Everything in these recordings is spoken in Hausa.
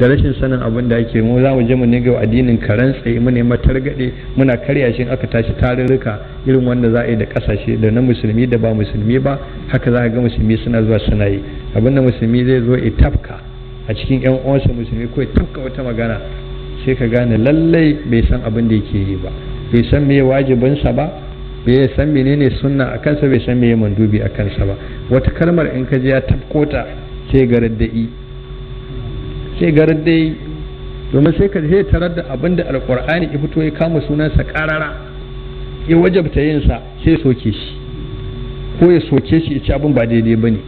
da rashin sanin abin da ake mu za mu je mu ga addinin karen tsaye mu ne matargade muna karya shi aka tashi tarurruka irin wanda za a yi da kasashe da na musulmi da ba musulmi ba haka za a ga musulmi suna zuwa suna yi abin da musulmi zai zo ya tafka a cikin yan uwansa musulmi ko ya tafka wata magana sai ka gane lallai bai san abin da yake yi ba bai san me wajibinsa ba bai san menene sunna a kansa bai san me mandubi a kansa ba wata kalmar in ka je ya tafkota sai ga radda'i sai garin dai domin sai ka zai tarar da abin da alkur'ani ya fito ya kama sunansa karara ya wajabta yin sa sai soke shi ko ya soke shi ya ci abin ba daidai ba ne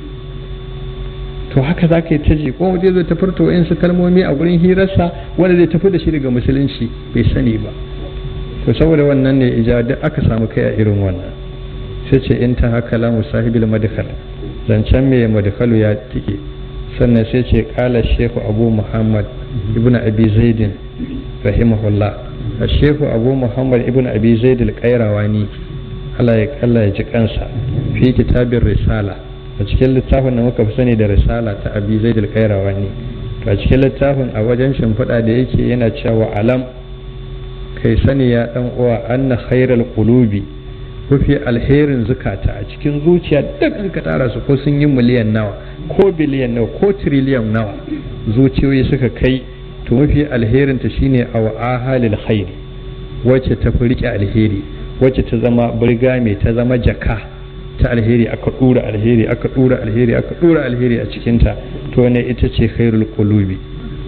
to haka za ka yi ta ko ko zai tafi da wa'insu kalmomi a gurin hirarsa wanda zai tafi da shi daga musulunci bai sani ba to saboda wannan ne ijada aka samu kai a irin wannan sai ce in ta haka lamu sahibil madakal zancen mai madakalu ya tike sannan sai ce kala shehu abu muhammad ibn abi zaidin rahimahullah a shehu abu muhammad ibn abi zaidin ne allah ya ji kansa fi kitabin risala a cikin littafin da muka fi sani da risala ta abi zaidin ne a cikin littafin a wajen shimfiɗa da yake yana cewa alam kai sani ya dan uwa anna khairal qulubi rufe alherin zukata a cikin zuciya duk ka tara su ko sun yi miliyan nawa ko biliyan nawa ko triliyan nawa zuciyoyi suka kai to mafi alherin ta shine a ahalil khairi wacce ta fi rike alheri wacce ta zama birga mai ta zama jaka ta alheri aka dura alheri aka dura alheri aka dura alheri a cikinta to ne ita ce khairul qulubi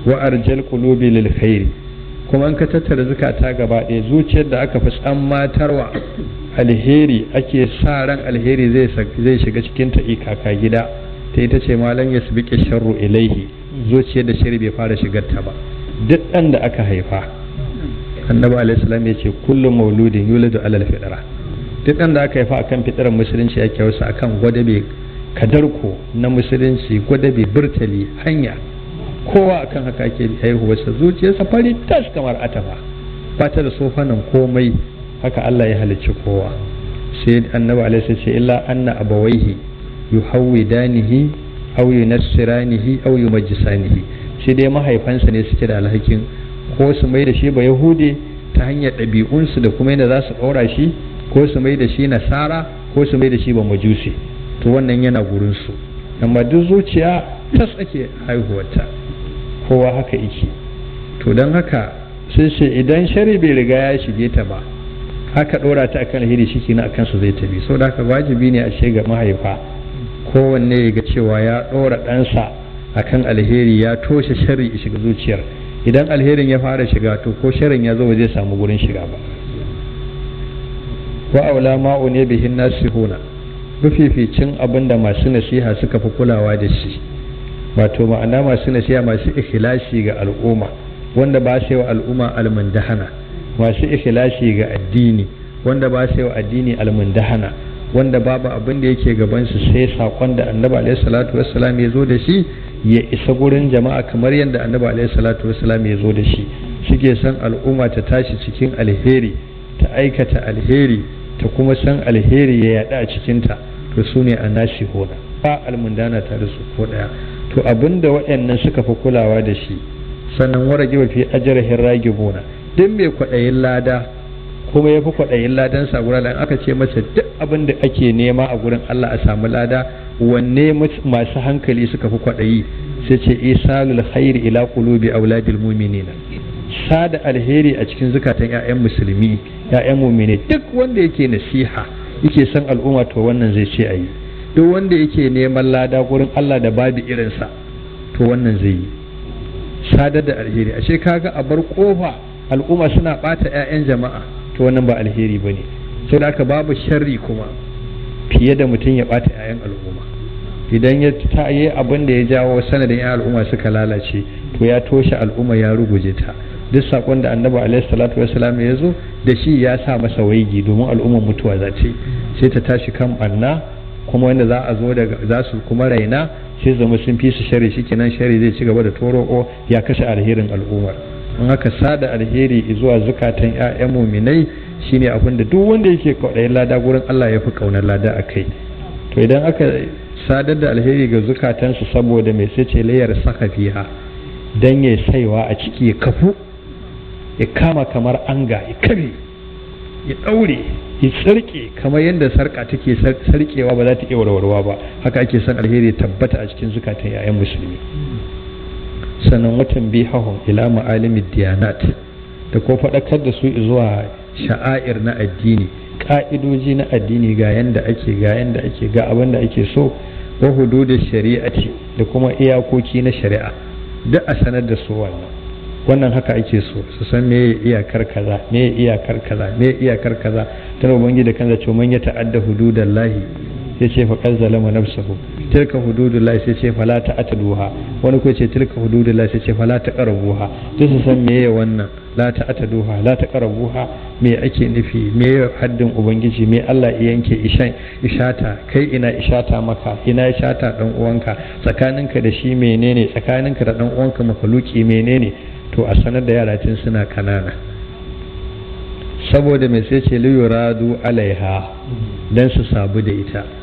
wa arjal qulubi lil khairi kuma an ka tattara zukata gaba ɗaya zuciyar da aka fi tsammatarwa alheri ake sa ran alheri zai shiga cikin ta kaka gida ta ita ce malam ya sabike sharru ilaihi zuciyar da shari bai fara shigar ta ba duk ɗan da aka haifa annabi alaihi salam ya ce kullum mauludin yuladu alal fitra duk ɗan da aka haifa akan fitran musulunci ya kyausa akan gwada bai kadarko na musulunci gwada bai burtali hanya kowa akan haka ke haihuwarsa zuciyarsa fari tas kamar atafa ba ta da sofanan komai haka Allah ya halicci kowa sai annabi alaihi sai illa anna abawaihi yuhawidanihi aw yunassiranihi aw yumajjisanihi shi dai mahaifansa ne suke da alhakin ko su mai da shi ba yahude ta hanyar ɗabi'unsu da kuma yadda za su shi ko su mai da shi nasara ko su mai da shi ba majusi to wannan yana gurinsu amma duk zuciya ta tsake haihuwarta kowa haka yake to don haka sai ce idan shari bai riga ya shige ta ba aka dora ta akan alheri shi kenan akan su zai tafi sau da haka wajibi ne a ce ga mahaifa kowanne ya ga cewa ya ɗora ɗansa akan alheri ya toshe sharri ya shiga zuciyar idan alherin ya fara shiga to ko sharrin ya zo ba zai samu gurin shiga ba wa aula ma'u ne bihin nasihuna mafificin abinda masu nasiha suka fi kulawa da shi wato ma'ana masu nasiha masu ikhlasi ga al'umma wanda ba sai wa al'umma almandahana masu ikhlashi ga addini wanda ba su yi wa addini almundahana wanda babu abin da yake gabansu sai sakon da annabi alayhi salatu wassalam ya zo da shi ya isa gurin jama'a kamar yadda annaba alayhi salatu wassalam ya zo da shi suke san al'umma ta tashi cikin alheri ta aikata alheri ta kuma san alheri ya yada a cikin ta to su ne a nashi hona ba almundana ta da su ko daya to abinda waɗannan suka fi kulawa da shi sannan warage fi ajrihin ragibuna duk mai kwaɗayin lada kuma ya fi kwaɗayin ladan sa gurin aka ce masa duk abin da ake nema a gurin Allah a samu lada wanne masu hankali suka fi kwaɗayi sai ce isalul khairi ila qulubi auladil mu'minina sada alheri a cikin zukatan ƴaƴan musulmi ƴaƴan mu'mini duk wanda yake nasiha yake san al'umma to wannan zai ce ayi duk wanda yake neman lada gurin Allah da babu irinsa to wannan zai yi sadar da alheri ashe kaga a bar kofa al'umma suna bata 'ya'yan jama'a to wannan ba alheri ba ne sau da aka babu sharri kuma fiye da mutum ya bata 'ya'yan al'umma idan ya ta yi abin da ya jawo sanadin 'yan al'umma suka lalace to ya toshe al'umma ya ruguje ta duk sakon da annabi alaihi salatu wasalam ya zo da shi ya sa masa waigi domin al'umma mutuwa za ce sai ta tashi kan banna kuma wanda za a zo daga za su kuma raina sai zama sun fi su shari kenan shari zai ci gaba da toroko ya kashe alherin al'ummar in aka sada alheri zuwa zukatan ƴaƴan muminai shine abin da duk wanda yake kwaɗayin lada gurin Allah ya fi ƙaunar lada a kai to idan aka sadar da alheri ga zukatansu saboda mai sai ce layar saka don ya saiwa a ciki ya kafu ya kama kamar anga ya kare ya daure ya sarƙe kamar yadda sarka take sarƙewa ba za ta iya warwarwa ba haka ake son alheri tabbata a cikin zukatan ƴaƴan musulmi sannan watan bihahum ila ma'alimin diyanat da ko faɗakar da su zuwa sha'air na addini ka'idoji na addini ga yanda ake ga yanda ake ga abin ake so wa hududin shari'ati da kuma iyakoki na shari'a da a sanar da su wannan wannan haka ake so su san me iyakar kaza me iyakar kaza me iyakar kaza tana bangi da kanza ce man ya ta'adda hududallahi ya ce fa qad zalama nafsuhu tilka hududullahi sai ce fala ta ataduha wani ko ce tilka hududullahi sai ce fala ta qarabuha duk su san meye wannan la ta ataduha la ta qarabuha me ake nufi me haddin ubangiji me Allah ya yanke ishan ishata kai ina ishata maka ina ishata dan uwanka tsakaninka da shi menene tsakaninka da dan uwanka makaluki menene to a sanar da yara tun suna kanana saboda mai sai ce liyuradu alaiha dan su sabu da ita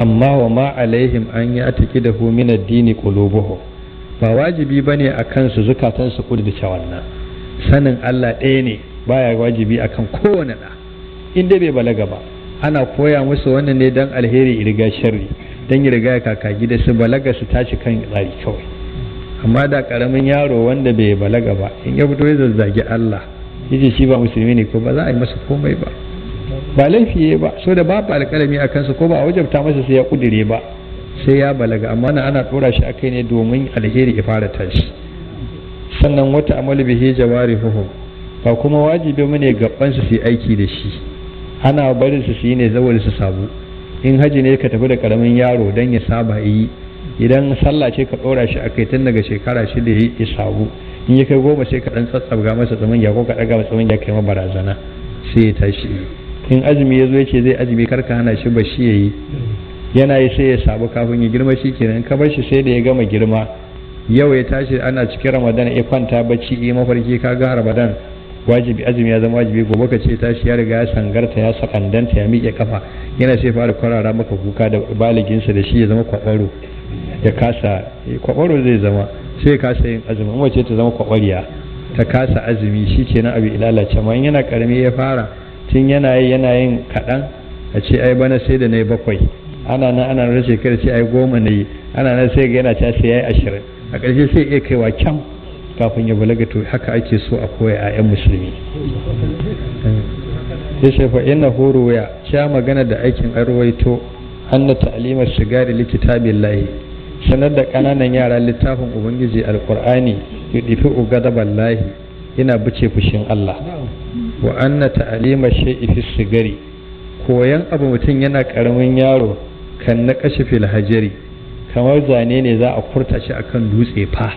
amma wa ma alaihim an yi tafi da min addini kulubuhu ba wajibi bane akan kansu zukatan su da wannan sanin Allah ɗaya ne baya wajibi a kan kowane da in bai balaga ba ana koya musu wannan ne don alheri riga sharri don yi riga kaka gida su balaga su tashi kan tsari kawai amma da karamin yaro wanda bai balaga ba in ya fito ya zazzagi Allah yace shi ba musulmi ne ko ba za a yi masa komai ba ba laifi ba so da babu alƙalami a kansa ko ba a wajabta masa sai ya kudire ba sai ya balaga amma na ana ɗora shi a kai ne domin alheri ya fara tashi sannan wata amalu bihi jawari huhu ba kuma wajibi mu ne gaban su yi aiki da shi ana barin su yi ne zawar su sabu in haji ne ka tafi da karamin yaro dan ya saba yi idan sallah ce ka ɗora shi a kai tun daga shekara shi da ya sabu in ya kai goma sai ka ɗan tsatsabga masa tsamin ya ko ka ɗaga masa tsamin ya kai ma barazana sai ya tashi in azumi ya zo ya ce zai azumi karka hana shi ba shi ya yi yana yi sai ya sabu kafin ya girma shi kenan ka bar shi sai da ya gama girma yau ya tashi ana cikin ramadan ya kwanta bacci ya mafarki ka ga ramadan wajibi azumi ya zama wajibi gobe ka ce tashi ya riga ya sangarta ya sakandanta ya miƙe kafa yana sai fara kwarara maka kuka da baliginsa da shi ya zama kwakwaro ya kasa eh, kwakwaro zai zama sai kasa yin azumi wace ta zama kwakwariya ta kasa azumi shi kenan abu ilalace ma yana karami ya fara tun yana yi yana yin kaɗan a ce ai bana sai da na yi bakwai ana nan ana nan shekara ce ai goma na yi ana nan sai ga yana ta sai ya yi ashirin a ƙarshe sai iya kaiwa kyam kafin ya balaga to haka ake so a koya a 'yan musulmi eh. ya ce fa ina horo ya sha magana da aikin arwaito an na ta'alimar shiga da likitabin layi sanar da ƙananan yara littafin ubangiji alƙur'ani yudifi ugadaban layi ina bice fushin allah wa anna ta'alima shay'i fi sigari koyan abu mutum yana karamin yaro kan na kashi fil hajari kamar zane ne za a kurta shi akan dutse fa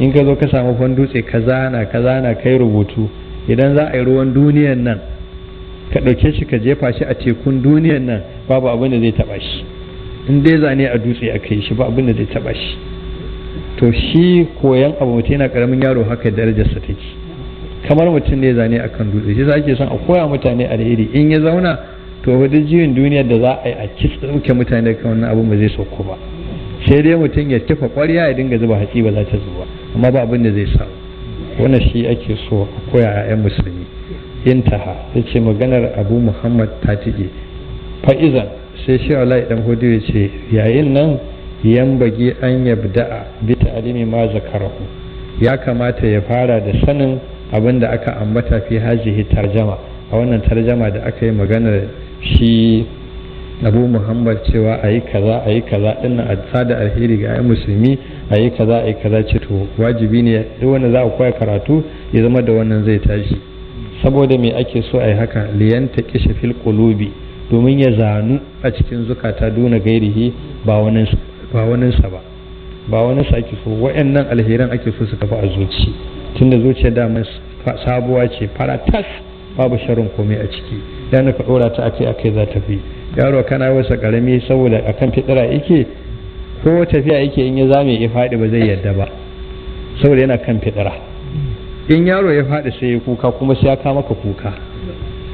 in ka zo ka samu fan dutse ka zana ka zana kai rubutu idan za a yi ruwan duniyan nan ka ɗauke shi ka jefa shi a tekun duniyan nan babu abin da zai taɓa shi in dai zane a dutse aka yi shi ba abin da zai taɓa shi to shi koyan abu mutum yana karamin yaro haka darajarsa take kamar mutum ne zane a kan dutse shi ake son a koya mutane alheri in ya zauna to wadda jiyin duniyar da za a yi a kitsuke mutane kan wannan abin ba zai sauko ba sai dai mutum ya tafa kwarya ya dinga zuba hatsi ba za ta zuba amma ba abin da zai samu wannan shi ake so a koya a 'yan musulmi intaha ta ce maganar abu muhammad ta tige fa'izan sai shi alai dan hudu ya ce yayin nan yan bagi an yabda'a bita alimi ma zakarahu ya kamata ya fara da sanin Abinda aka ambata fi hazihi tarjama a wannan tarjama da aka yi maganar shi abu muhammad cewa a yi kaza a yi kaza dinnan a sada alheri ga ayi musulmi a yi kaza a yi kaza ce to wajibi ne duk wanda za a koya karatu ya zama da wannan zai tashi saboda me ake so a yi haka ta kishi fil qulubi domin ya zanu a cikin zukata duna gairihi ba wani ba ba wani sa ake so wa'annan alheran ake so su kafa a zuci tunda zuciya dama sabuwa ce fara tas babu sharon komai a ciki yana ka dora ta akai kai za ta fi yaro kana wasa karami saboda a kan fitira yake ko tafiya yake in ya zame ya faɗi ba zai yadda ba saboda yana kan fitira in yaro ya faɗi sai ya kuka kuma sai ya kama ka kuka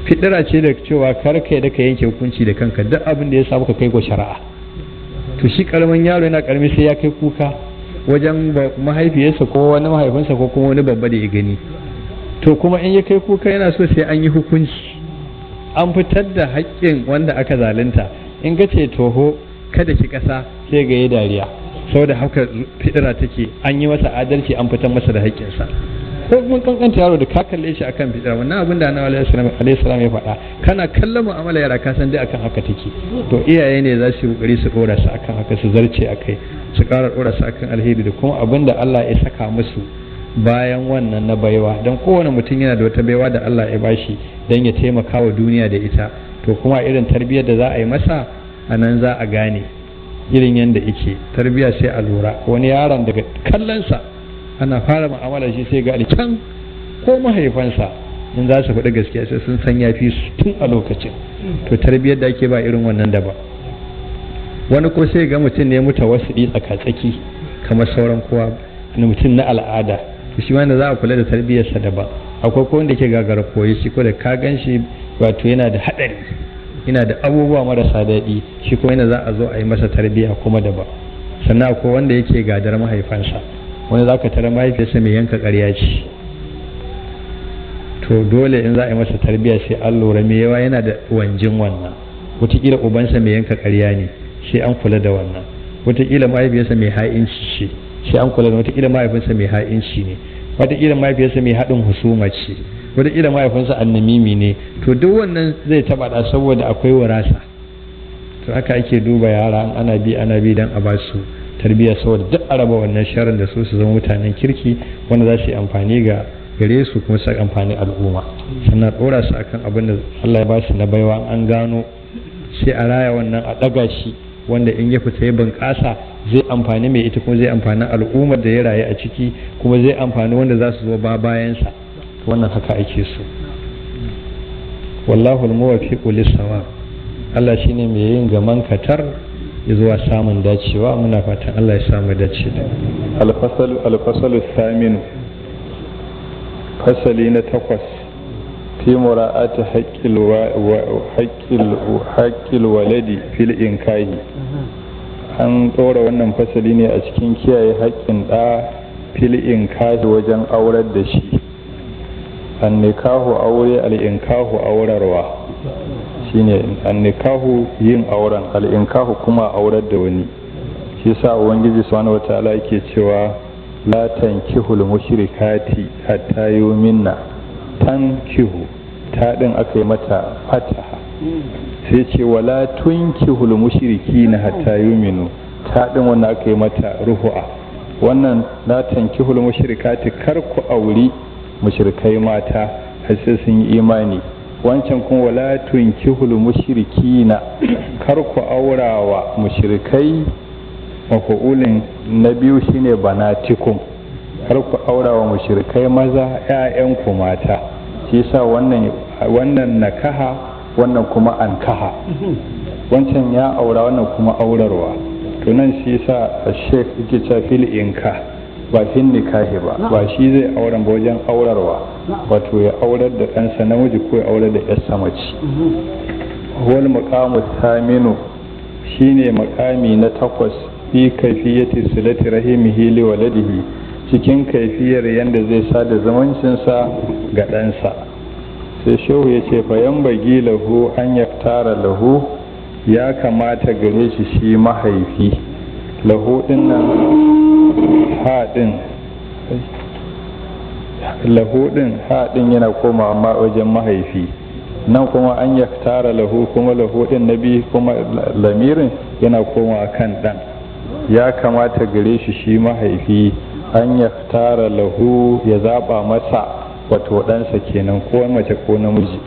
fitira ce da cewa kar kai da ka yanke hukunci da kanka duk abin da ya samu ka kai ko shari'a to shi karamin yaro yana karami sai ya kai kuka wajen mahaifiyarsa ko wani mahaifinsa ko kuma wani babba da ya gani to kuma in ya kai kuka yana so sai an yi hukunci an fitar da haƙƙin wanda aka zalunta in ka ce toho kada ki ƙasa sai ga ya dariya sau da haka fidira take an yi masa adalci an fitar masa da haƙƙinsa ko mun kankanta yaro da ka kalle shi akan bid'a wannan abin da annabi alaihi salam ya faɗa kana kallon mu'amala yara ka san dai akan haka take to iyaye ne za su yi kokari su dora su akan haka su zarce akai su ƙara dora su akan alheri da kuma abin da Allah ya saka musu bayan wannan na baiwa dan kowane mutum yana da wata baiwa da Allah ya bashi dan ya taimaka wa duniya da ita to kuma irin tarbiyyar da za a yi masa a nan za a gane irin yadda yake tarbiyya sai a lura wani yaron daga kallonsa ana fara mu'amala shi sai ga alkan ko mahaifansa in za su faɗi gaskiya sai sun san ya fi su tun a lokacin to tarbiyyar da ake ba irin wannan da ba wani ko sai ga mutum ne muta wasu tsaka-tsaki kamar sauran kowa na mutum na al'ada to shi wanda za a kula da tarbiyyarsa da ba akwai ko wanda ke gagara koyi shi ko da ka gan shi wato yana da haɗari yana da abubuwa marasa daɗi shi ko yana za a zo a yi masa tarbiyya kuma da ba sannan akwai wanda yake gadar mahaifansa wani za ka tara mahaifiyarsa mai yanka karya ce to dole in za a yi masa tarbiyya sai an lura mai yawa yana da wanjin wannan wataƙila ubansa mai yanka karya ne sai an kula da wannan wataƙila mahaifiyarsa mai ha'inci ce sai an kula da wataƙila mahaifinsa mai ha'inci ne wataƙila mahaifiyarsa mai haɗin husuma ce wataƙila mahaifinsa annamimi ne to duk wannan zai taɓa da saboda akwai warasa to haka ake duba yara ana bi ana bi don a ba su tarbiyya saboda duk araba wannan sharar da su su zama mutanen kirki wanda za su yi amfani ga gare su kuma su amfani al'umma sannan ɗora su akan abin da Allah ya ba su na baiwa an gano sai a raya wannan a ɗaga shi wanda in ya fita ya bunƙasa zai amfani mai ita kuma zai amfani al'ummar da ya rayu a ciki kuma zai amfani wanda za su zo ba bayansa wannan haka ake so wallahu al-muwaffiqu lis-sawab Allah shine mai yin gaman katar zuwa samun dacewa muna fatan Allah ya samu dace da alfasalu saminu fasali na takwas fi mura'ati haƙƙil waladi fil inkahi an ɗora wannan fasali ne a cikin kiyaye haƙƙin ɗa fil inkahi wajen aurar da shi an nikahu aure al inkahu aurarwa shine nikahu yin auren inkahu kuma aurar da wani shi sa ubangiji subhanahu wataala yake cewa la al mushrikati hatta yuminna tankihu ta din aka yi mata fataha sai ce wala al mushrikina hatta yuminu ta din wannan aka yi mata ruhu'a wannan la al mushrikati kar ku auri mushrikai mata har sai sun yi imani wancan kuma wala tunkihul mushrikina kar ku aurawa mushrikai mafu'ulin na biyu shine banatikum kar ku aurawa mushrikai maza ku mata shi yasa wannan wannan nakaha wannan kuma ankaha wancan ya aura wannan kuma aurarwa to nan shi yasa shek yake cewa fil inka ba fil nikahi ba ba shi zai aura ba wajen aurarwa wato ya aurar da ɗansa namiji ko ya aurar da ƴarsa mace wal maqamu thaminu shine makami na takwas fi kaifiyati silati rahimihi li waladihi cikin kaifiyar yadda zai sa sada zamancinsa ga ɗansa sai shehu ya ce fayan bagi lahu an yaftara lahu ya kamata gare shi shi mahaifi lahu ɗin nan haɗin lahu din ha yana koma amma wajen mahaifi nan kuma an ya tara lahu kuma lahu din nabi kuma lamirin yana koma kan ɗan ya kamata gare shi shi mahaifi an ya tara lahu ya zaba masa wato ɗansa kenan ko mace ko namiji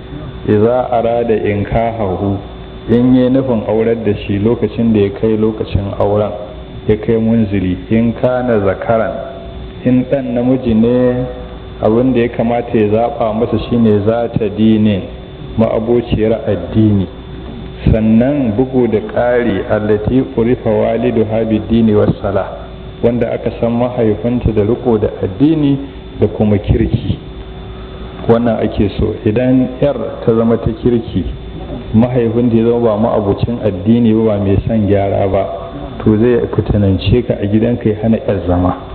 idza arada in ka hahu in yi nufin aurar da shi lokacin da ya kai lokacin auren ya kai munzili in kana zakaran in ɗan namiji ne abin da ya kamata ya zaɓa masa shine za ta dinin ma'abociyar addini sannan bugu da ƙari allati urifa walidu habi dini wassala wanda aka san mahaifinta da riko da addini da kuma kirki wannan ake so idan yar ta zama ta kirki mahaifinta ya zama ba ma'abucin addini ba mai son gyara ba to zai kutanance ka a gidanka ya hana yar zama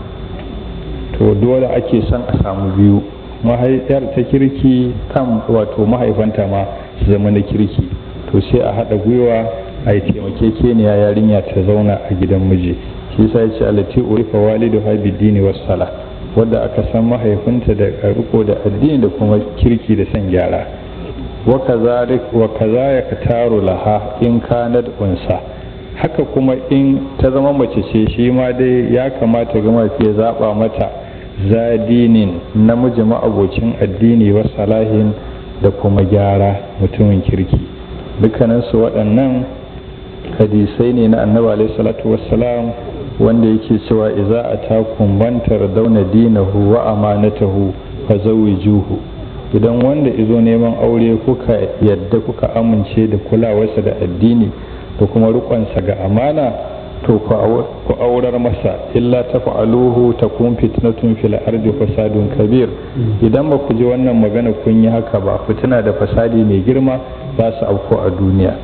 to dole ake son a samu biyu mahaifiyar ta kirki kan wato mahaifanta ma su zama na kirki to sai a haɗa gwiwa a yi taimakekeniya yarinya ta zauna a gidan miji shi sa ya ce alati urifa walidu habidini wassala wadda aka san mahaifinta da riko da addini da kuma kirki da san gyara wa kaza ya taro laha in ka unsa haka kuma in ta zama mace ce shi ma dai ya kamata ga fiye zaɓa mata zadinin dinin namiji ma'abocin addini wa salahin da kuma gyara mutumin kirki dukkaninsu waɗannan hadisai ne na annabi alaihi salatu wassalam wanda yake cewa iza a takun bantar dauna dinahu wa amanatahu fa juhu idan wanda izo neman aure kuka yadda kuka amince da kulawarsa da addini da kuma rikonsa ga amana to ku aurar masa illa ta fa'aluhu ta kun fitnatun fil ardi fasadun kabir idan ba ku ji wannan magana kun yi haka ba fitina da fasadi mai girma za su auku a duniya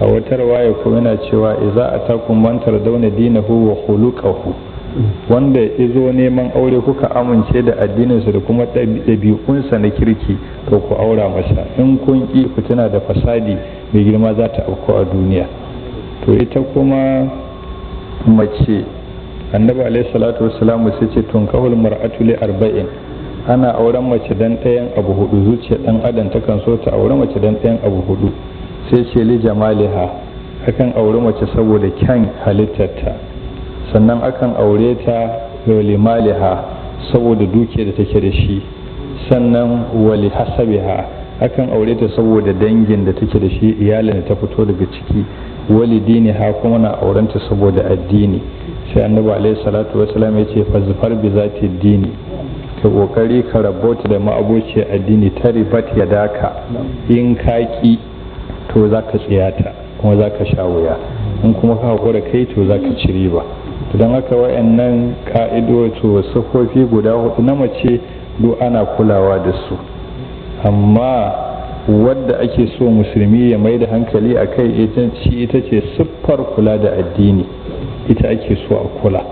a wata rawaya ko yana cewa idza atakum man tardawna dinahu wa khuluquhu wanda izo neman aure kuka amince da addininsa da kuma ɗabi'unsa na kirki to ku aura masa in kun ki fitina da fasadi mai girma za ta auku a duniya to ita kuma mace annabi alaihi salatu wassalam sai ce tun kawul mar'atu li arba'in ana auren mace dan ɗayan abu hudu zuciya dan adam ta kan so ta aure mace dan ɗayan abu hudu sai ce li jamaliha akan aure mace saboda kyan halittarta sannan akan aure ta maliha saboda duke da take da shi sannan wali hasabiha akan aure ta saboda dangin da take da shi iyalin da ta fito daga ciki dini ha kuma na aurenta saboda addini sai annabi alaihi salatu salam ya ce fazfar bi zati dini ka kokari ka rabota da ma'aboci addini ta ribat ya daka in ka ki to za ka tsiyata kuma za ka sha wuya in kuma ka hakura kai to za ka ci riba don haka wayannan ka'idoto sufofi guda hudu na mace duk ana kulawa da su amma wadda ake so musulmi ya mai da hankali a kai ita ce siffar kula da addini ita ake so a kula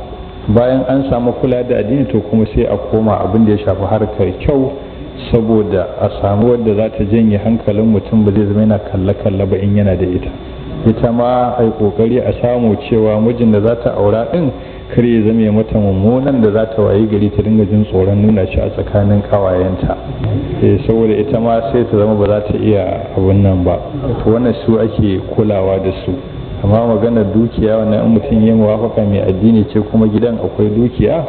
bayan an samu kula da addini to kuma sai a koma abin da ya shafi harkar kyau saboda a samu wadda za ta janye hankalin mutum ba zai zama yana kalle-kalle ba in yana da ita ita ma a yi kokari a samu cewa mijin da za ta aura din kar ya zame mata mummunan da za ta wayi gari ta dinga jin tsoron nuna shi a tsakanin kawayenta eh saboda ita ma sai ta zama ba za ta iya abun nan ba to wannan su ake kulawa da su amma magana dukiya wannan in mutum ya muwafaka mai addini ce kuma gidan akwai dukiya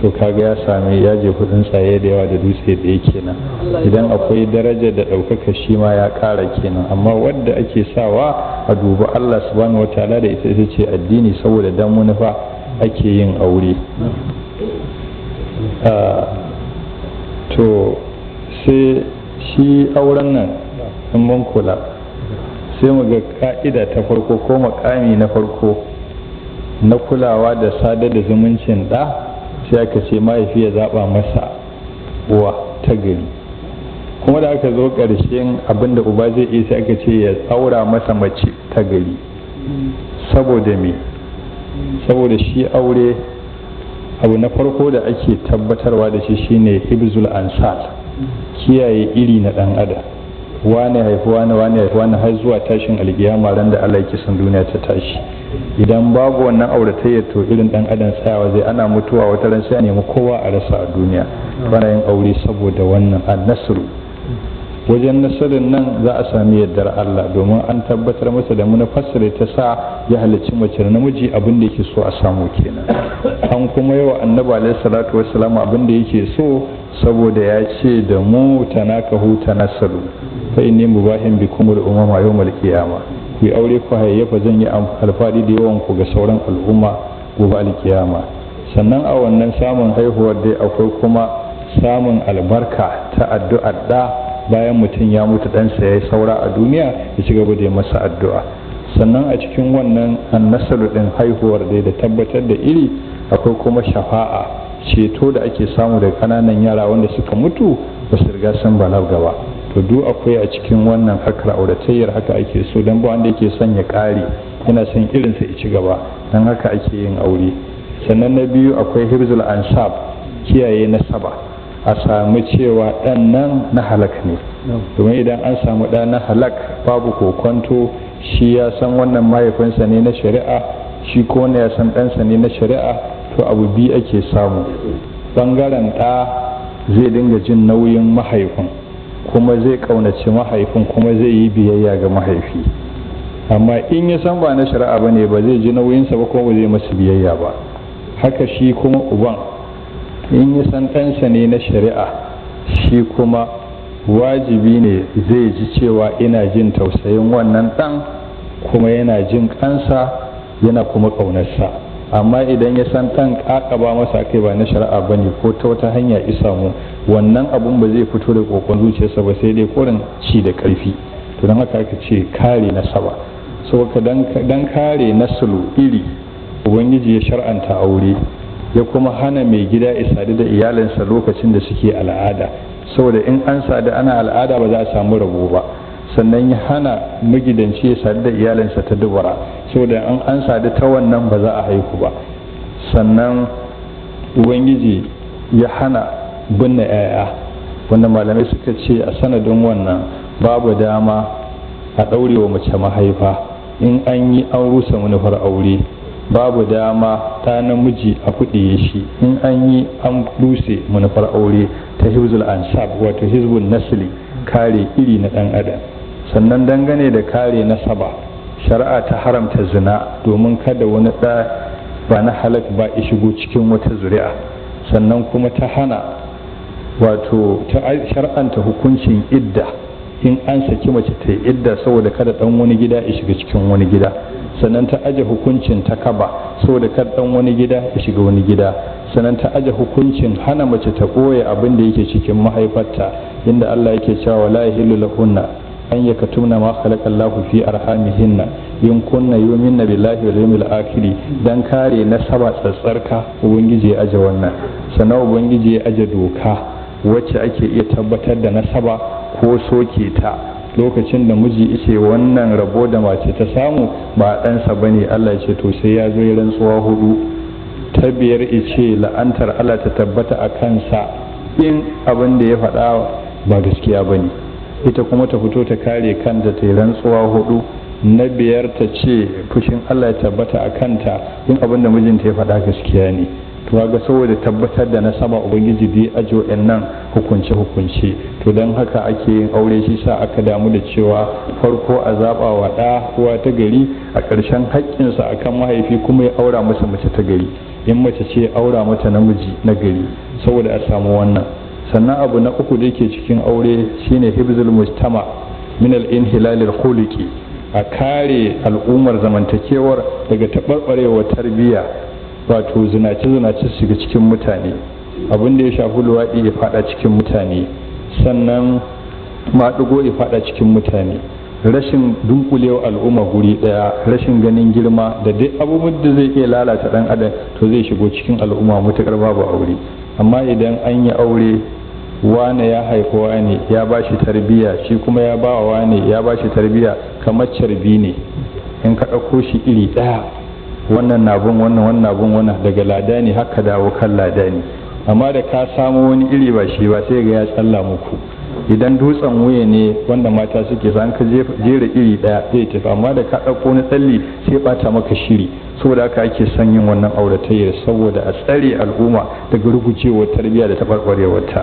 to kaga ya sami ya je kudin tsaye da yawa da dutse da ya kenan idan akwai daraja da ɗaukaka shi ma ya ƙara kenan amma wadda ake sawa a dubi allah subhanahu wataala da ita ita ce addini saboda dan manufa ake yin aure ah, to sai shi auren nan in mun kula sai mu ga ka'ida ta farko ko makami na farko na kulawa da sadar da zumuncin ɗa sai aka ce mahaifi ya zaɓa masa uwa ta gari kuma da aka zo ƙarshen abinda uba zai iya sai aka ce ya tsaura masa mace ta gari saboda me saboda shi aure abu na farko da ake tabbatarwa da shi shine hibzul ansal kiyaye iri na dan adam wane haifi wane wane haifi wane har zuwa tashin alkiyama ran da Allah yake son duniya ta tashi idan babu wannan auratayya to irin dan adam tsayawa zai ana mutuwa wata ran sai a nemi kowa a rasa a duniya yin aure saboda wannan annasru wajen nasarar nan za a sami yardar Allah domin an tabbatar masa da muna fassara ta sa ya halicci mace da namiji abin da yake so a samu kenan an kuma yawa annabi alaihi salatu wassalam abin da yake so saboda ya ce da mu huta tanassalu fa inni mubahin bikum al-umama yawmal qiyama ku aure ku haye fa zan yi alfadi da yawan ku ga sauran al'umma gobe alkiyama sannan a wannan samun haihuwar dai akwai kuma samun albarka ta addu'ar da bayan mutum ya mutu ɗansa ya yi saura a duniya ya ci gaba da masa addu'a sannan a cikin wannan an nasaru ɗin haihuwar dai da tabbatar da iri akwai kuma shafa'a ceto da ake samu da ƙananan yara wanda suka mutu ba su riga sun balaga ba to duk akwai a cikin wannan hakar auratayyar haka ake so don ba wanda yake son ya ƙare yana son irinsa ya ci gaba don haka ake yin aure sannan na biyu akwai hirzul ansab kiyaye nasaba a sami cewa ɗan nan na halak ne domin idan an samu ɗan na halak babu kokonto shi ya san wannan mahaifinsa ne na shari'a shi ko ya san ɗansa ne na shari'a to abu biyu ake samu ɓangaren ɗa zai dinga jin nauyin mahaifin kuma zai ƙaunaci mahaifin kuma zai yi biyayya ga mahaifi amma in ya san ba na shari'a ba ne ba zai ji nauyinsa ba kuma ba zai masa biyayya ba haka shi kuma uban in yi san ɗansa ne na shari'a shi kuma wajibi ne zai ji cewa ina jin tausayin wannan ɗan kuma yana jin kansa yana kuma ƙaunarsa amma idan ya san ɗan ƙaƙaba masa kai ba na shari'a ba ne ko ta wata hanya isa mu wannan abun ba zai fito da ƙoƙon zuciyarsa ba sai dai korin ci da ƙarfi to don haka aka ce kare na so saboda dan kare nasulu iri ubangiji ya shar'anta aure ya kuma hana mai gida ya sadu da iyalinsa lokacin da suke al'ada saboda in an sadu ana al'ada ba za a samu rabo ba sannan ya hana magidanci ya sadu da iyalinsa ta dubara saboda in an sadu ta wannan ba za a haiku ba sannan ubangiji ya hana binne 'ya'ya wanda malamai suka ce a sanadin wannan babu dama a wa mace mahaifa in an yi an rusa manufar aure babu dama ta namiji a ya shi in an yi an duse manufar aure ta hizbul ansab wato hizbul nasli kare iri na ɗan adam sannan dangane da kare nasaba shari'a ta haramta zina domin kada wani ɗa ba na halak ba ya shigo cikin wata zuri'a sannan kuma ta hana wato ta shar'anta hukuncin idda in an saki mace ta yi idda saboda kada ɗan wani gida ya shiga cikin wani gida sannan ta aje hukuncin ta kaba saboda kar dan wani gida ya shiga wani gida sannan ta aje hukuncin hana mace ta koye abin da yake cikin mahaifarta inda Allah yake cewa wala yahillu lahunna an yakatumna ma khalaqallahu fi arhamihinna in kunna yu'minna billahi wal yawmil akhir dan kare na nasaba tsatsarka ubangiji ya aje wannan sannan ubangiji ya aje doka wacce ake iya tabbatar da nasaba ko soke ta lokacin da miji yake wannan rabo da mace ta samu ba ɗansa ba ne Allah ya ce to sai ya zo rantsuwa hudu ta biyar ice la'antar Allah ta tabbata a kansa in abin da ya faɗa ba gaskiya bane ita kuma ta fito ta kare kanta ta yi rantsuwa hudu na biyar ta ce fushin Allah ya tabbata a kanta in abin da mijinta ya faɗa gaskiya ne to ga saboda tabbatar da na sama ubangiji da ya ajo nan hukunce hukunce to don haka ake yin aure shi sa aka damu da cewa farko a zaba wa ɗa kuwa ta gari a ƙarshen haƙƙinsa a kan mahaifi kuma ya aura masa mace ta gari in mace ce aura mata namiji na gari saboda a samu wannan sannan abu na uku da yake cikin aure shine hibzul mustama min al inhilalil khuliqi a kare al'ummar zamantakewar daga taɓarɓarewa tarbiyya wato zinace-zinace shiga cikin mutane abin da ya shafi luwaɗi ya faɗa cikin mutane sannan maɗigo ya faɗa cikin mutane rashin dunkulewa al'umma guri ɗaya rashin ganin girma da dai abubuwan da zai iya lalata ɗan adam to zai shigo cikin al'umma mutuƙar babu aure amma idan an yi aure wane ya haifi wane ya ba shi tarbiyya shi kuma ya ba wane ya ba shi tarbiyya kamar carbi ne in ka ɗauko shi iri ɗaya wannan na bin wannan wannan na bin wannan daga lada ne haka dawo kan lada ne amma da ka samo wani iri ba shi ba sai ga ya tsalla muku idan dutsen wuya ne wanda mata suke san ka jera iri daya zai tafi amma da ka ɗauko na tsalli sai bata maka shiri saboda haka ake son yin wannan auratayyar saboda a tsare al'umma daga rugujewar tarbiyya da taɓarɓarewarta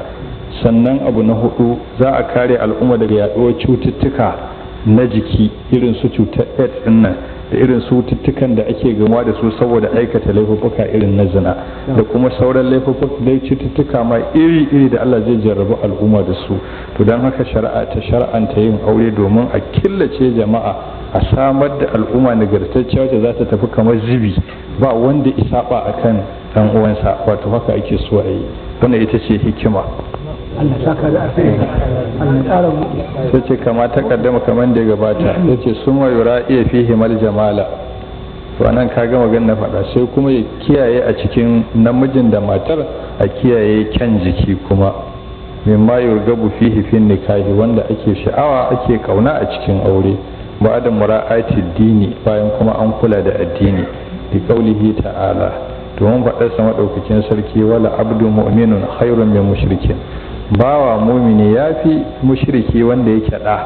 sannan abu na hudu za a kare al'umma daga yaɗuwar cututtuka na jiki irin su cutar aids din nan da irin cututtukan da ake gamuwa da su saboda aikata laifuka irin na zina da kuma sauran laifuka dai cututtuka ma iri iri da Allah zai jarrabu al'umma da su to don haka shari'a ta shari'anta yin aure domin a killace jama'a a samar da al'umma nagartacciya wacce za ta tafi kamar zubi ba wanda isa ba akan dan uwansa wato haka ake so a yi wannan ita ce hikima ta ce kama ta kaddama kamar da ya gabata yace ce sun iya fi himal jamala to nan ka gama gan na faɗa sai kuma ya kiyaye a cikin namijin da matar a kiyaye kyan jiki kuma min ma yurgabu fihi fin nikahi wanda ake sha'awa ake kauna a cikin aure ba da mura'ati dini bayan kuma an kula da addini bi qaulihi ta'ala to mun faɗa sama madaukakin sarki wala abdu mu'minun khairun min mushrikin bawa mumini ya fi mushriki wanda ya kyaɗa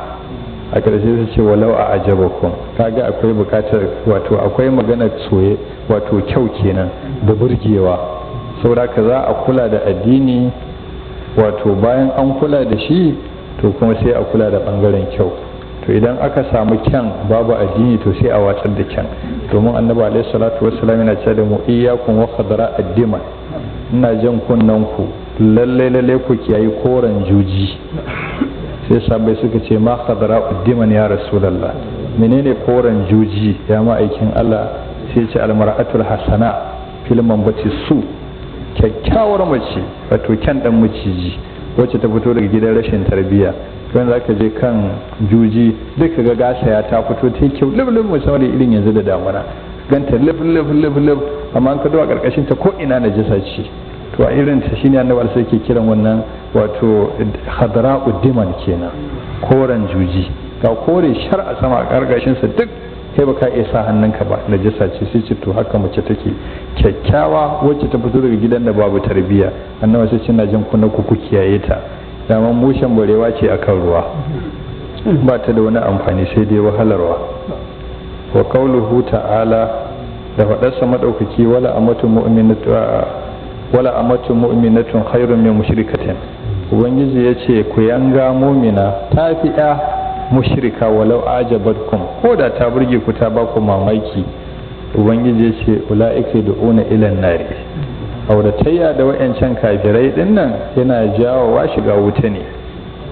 a ƙarshe su ce walau a ajabakum kaga akwai bukatar wato akwai magana soye wato kyau kenan da burgewa saboda ka za a kula da addini wato bayan an kula da shi to kuma sai a kula da ɓangaren kyau to idan aka samu kyan babu addini to sai a watsar da kyan domin annabi alaihi salatu wassalam yana cewa da mu iyyakum wa khadra ad-dima ina jan kunnen ku lalle lalle ku kiyayi koren juji sai sabai suka ce ma khadra uddiman ya rasulullah menene koren juji ya ma'aikin Allah sai ce almar'atul Hassana filman bace su kyakkyawar mace wato kyan dan maciji wacce ta fito daga gidan rashin tarbiyya kan za ka je kan juji duk ga gasa ya ta fito ta kyau lulluf musamman da irin yanzu da damuna ganta lulluf lulluf amma an ka a karkashin ta ko ina najasa ce to a irin ta shine annabi sai ke kiran wannan wato udiman ke kenan koren juji ga kore shar a sama a karkashin sa duk kai ba ka iya sa hannunka ba jisa ce sai ce to haka mace take kyakkyawa wacce ta fito daga gidan da babu tarbiyya annabi sai ce na jin kuna ku kiyaye ta dama mushen barewa ce akan ruwa ba ta da wani amfani sai dai wahalarwa wa qauluhu ta'ala da faɗarsa madaukaki wala amatu mu'minatu wala amatu mu'minatun khairun min mushrikatin ubangiji yace ce ku yanga mumina ta fi ya mushrika walau ajabatkum ko da ta burge ku ta ba mamaki ubangiji ya ce ula'ika du'una ilan nari auratayya da wayancan kafirai din nan yana wa shiga wuta ne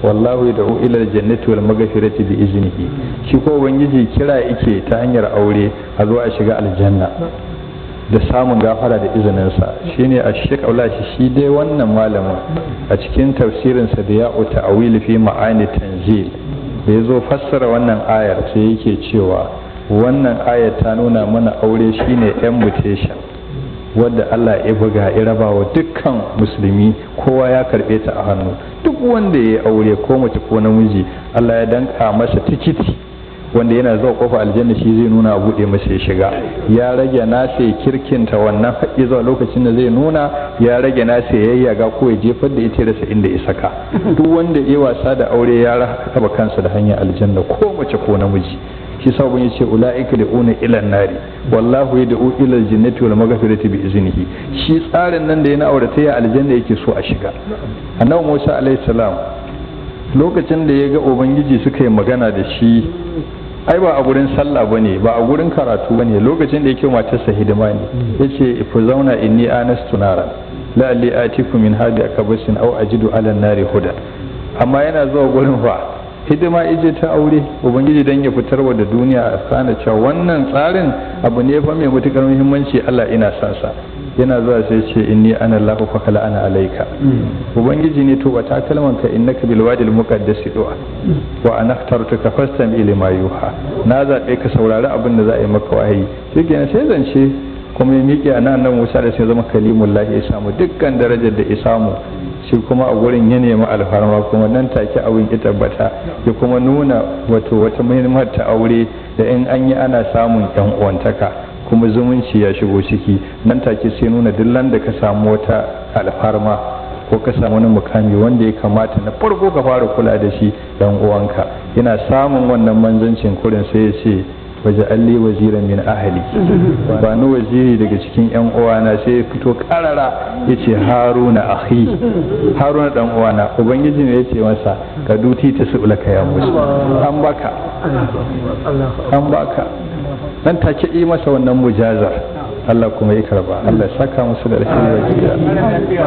wallahu da ila jannati wal maghfirati bi iznihi shi ko ubangiji kira yake ta hanyar aure a zo a shiga aljanna da samun gafara da izininsa shine a aulashi shi dai wannan malamin a cikin tafsirinsa da ya uta a fi ma'ani tanzil da ya zo fassara wannan ayar sai yake cewa wannan ayar ta nuna mana aure shine invitation wadda Allah ya buga ya raba wa dukkan musulmi kowa ya karɓe ta a hannu duk wanda ya yi aure ko mace ko namiji Allah ya danka masa tikiti wanda yana zuwa kofa aljanna shi zai nuna a buɗe masa ya shiga ya rage nasa kirkin kirkinta wannan haƙƙi zuwa lokacin da zai nuna ya rage na ya yayyaga ko ya jefar da ita rasa inda ya saka duk wanda ya wasa da aure ya raba kansa da hanyar aljanna ko mace ko namiji shi sabon ya ce ula'ika da una ilan nari wallahu ya da'u ilal wal maghfirati bi iznihi shi tsarin nan da ya na aurata ya aljanna yake so a shiga annabi Musa alaihi salam lokacin da ya ga ubangiji suka yi magana da shi ai ba a gurin sallah ba ne ba a gurin karatu ba ne lokacin da yake matarsa hidima ne ya ce ku zauna inni anastu nara la'alli atiku min hadi akabasin au ajidu ala nari huda amma yana zuwa gurin fa hidima ije ta aure ubangiji dan ya fitar wa da duniya a sana cewa wannan tsarin abu ne fa mai matukar muhimmanci Allah ina sa sa yana zuwa sai ce inni ana lahu fa kala ana alaika ubangiji ne to wata kalman ka innaka bil wadil muqaddas du'a wa ana ka fastam ila ma yuha na zabe ka saurari abin da za a yi maka wahayi shikenan sai zance kuma ya miƙe a nan nan Musa da sai zama kalimullahi ya samu dukkan darajar da ya samu shi kuma a gurin ya nemi alfarma kuma nan take abin ya tabbata ya kuma nuna wato wata muhimmar ta aure da in an yi ana samun yan uwantaka kuma zumunci ya shigo ciki nan take sai nuna dillan da ka samu wata alfarma ko ka samu wani mukami wanda ya kamata na farko ka fara kula da shi dan uwanka yana samun wannan manzancin kurin sai ya ce waj'alli waziran min ahli ba ni waziri daga cikin yan uwana sai ya fito karara yace haruna akhi haruna dan uwana ubangiji ne yace masa ka duti ta ulaka ya musu. an baka an baka dan take yi masa wannan mujazar Allah kuma ya karba Allah saka musu da alheri wa jira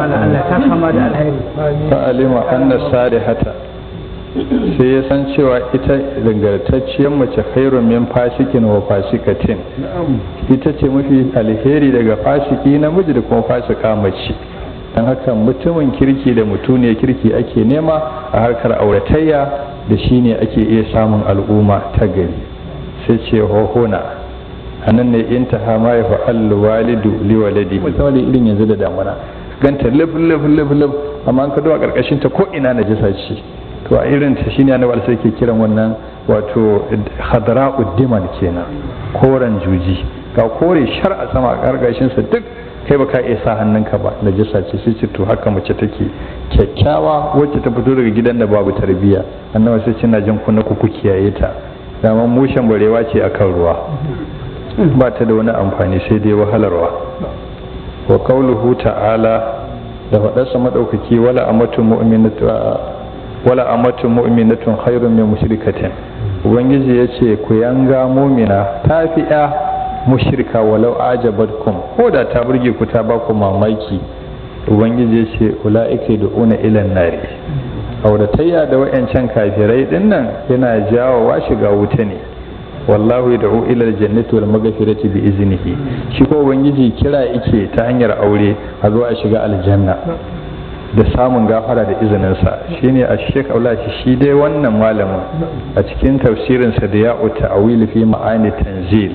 Allah ta kama da alheri ta alima anna salihata sai ya san cewa ita dangartacciyar mace khairun min fasikin wa fasikatin ita ce mafi alheri daga fasiki namiji da kuma fasika mace don haka mutumin kirki da mutuniyar kirki ake nema a harkar auratayya da shi ne ake iya samun al'umma ta gari sai ce hohona a nan ne in ta hama ya fa'allu walidu liwaladi misali irin yanzu da damuna ganta lif lif lif amma an ka duwa ta ko ina jisa ce to a irin ta shine annabi sai ke kiran wannan wato hadra'ud diman kenan koren juji ga kore shar a sama karkashin sa duk kai ba ka isa hannunka ba jisa ce sai ce to haka mace take kyakkyawa wacce ta fito daga gidan da babu tarbiyya annabi sai ce na jin kunna ku kiyaye ta dama mushen barewa ce akan ruwa ba ta da wani amfani sai dai wahalarwa wa qauluhu ta'ala da faɗarsa maɗaukaki wala amatu mu'minatu wala amatu mu'minatun khairun min mushrikatin ubangiji yace ku yanga mumina tafi'a ya mushrika walau ajabatkum ko da ta burge ku ta baku mamaki ubangiji yace ce ula'ika du'una ila nari auratayya da wayancan kafirai dinnan yana jawo wa shiga wuta ne wallahu yad'u ila al-jannati wal maghfirati bi iznihi shi ko ubangiji kira yake ta hanyar aure a zo a shiga aljanna da samun gafara da izininsa shine a sheikh aulashi shi dai wannan malamin a cikin tafsirinsa da ya uta a fi ma'ani tanzil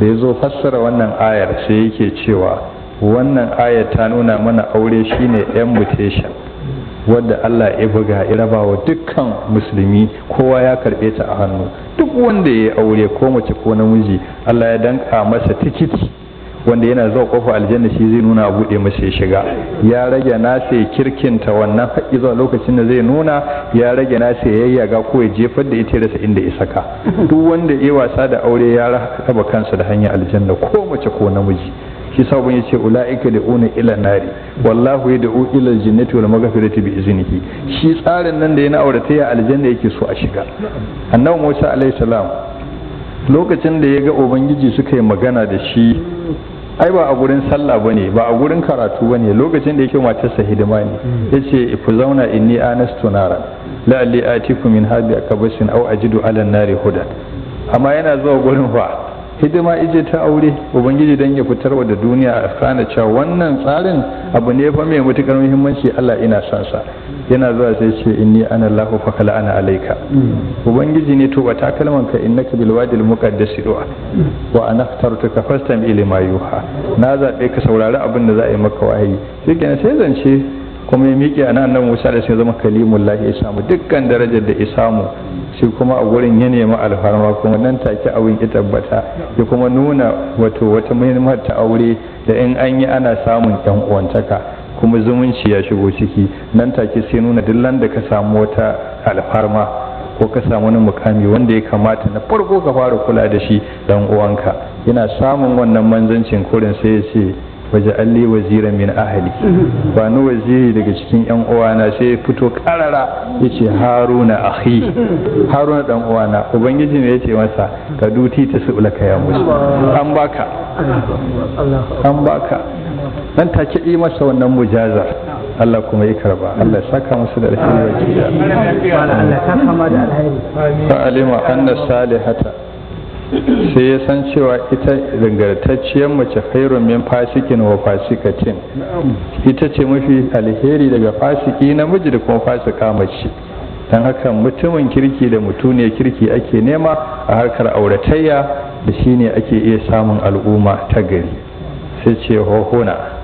da ya zo fassara wannan ayar sai yake cewa wannan ayar ta nuna mana aure shine invitation wadda Allah ya buga ya raba wa dukkan musulmi kowa ya karbe ta a hannu duk wanda ya aure ko mace ko namiji Allah ya danka masa tikiti wanda yana zuwa kofar aljanna shi zai nuna a buɗe masa ya shiga ya rage nasa kirkin kirkinta wannan haƙƙi zuwa lokacin da zai nuna ya rage nasa ya yayyaga ko ya jefar da ita rasa inda ya saka duk wanda ya wasa da aure ya raba kansa da hanyar aljanna ko mace ko namiji shi sabon ya ce ula'ika da una ila nari wallahu ya da'u ila jinnati wal maghfirati bi iznihi shi tsarin nan da ya na ya aljanna yake so a shiga annabi Musa alaihi salam lokacin da ya ga ubangiji suka yi magana da shi ai ba a gurin sallah bane ba a gurin karatu bane lokacin da yake matarsa hidima ne mm. yace ku zauna inni anastu nara la'alli atikum min hadhi akabasin aw ajidu ala nari huda amma yana zuwa gurin fa hidima ije ta aure ubangiji dan ya fitarwa da duniya a kana cewa wannan tsarin abu ne fa mai matukar muhimmanci Allah ina son sa yana zuwa sai ce inni ana lahu fa ana alaika mm. ubangiji ne to ta kalman ka innaka bil wadil muqaddas du'a wa ana ka fastam ila ma yuha na zabe ka saurari abin da za a yi maka wahayi shikenan sai zance kuma ya miƙe a nan Musa da sai zama kalimun lahi ya samu dukkan darajar da ya samu shi kuma a gurin ya nemi alfarma kuma nan take abin ya tabbata ya kuma nuna wato wata muhimmar ta aure da in an yi ana samun yan uwantaka kuma zumunci ya shigo ciki nan take sai nuna dillan da ka samu wata alfarma ko ka samu wani mukami wanda ya kamata na farko ka fara kula da shi dan uwanka yana samun wannan manzancin kurin sai ya ce waje alli wazira min ahali ba ni waziri daga cikin yan uwana sai ya fito karara ya ce haruna ahi haruna dan uwana ubangiji ne ya ce masa ka duti ta su ya musu an baka an baka nan take yi masa wannan mujaza Allah kuma yi karba Allah ya saka musu da alheri wa jiya Allah ya saka ma da alheri fa alima anna salihata sai ya san cewa ita dangartacciyar mace khairun min fasikin wa fasikatin ita ce mafi alheri daga fasiki namiji da kuma fasika mace dan haka mutumin kirki da mutuniyar kirki ake nema a harkar auratayya da shine ake iya samun al'umma ta gari sai ce hohuna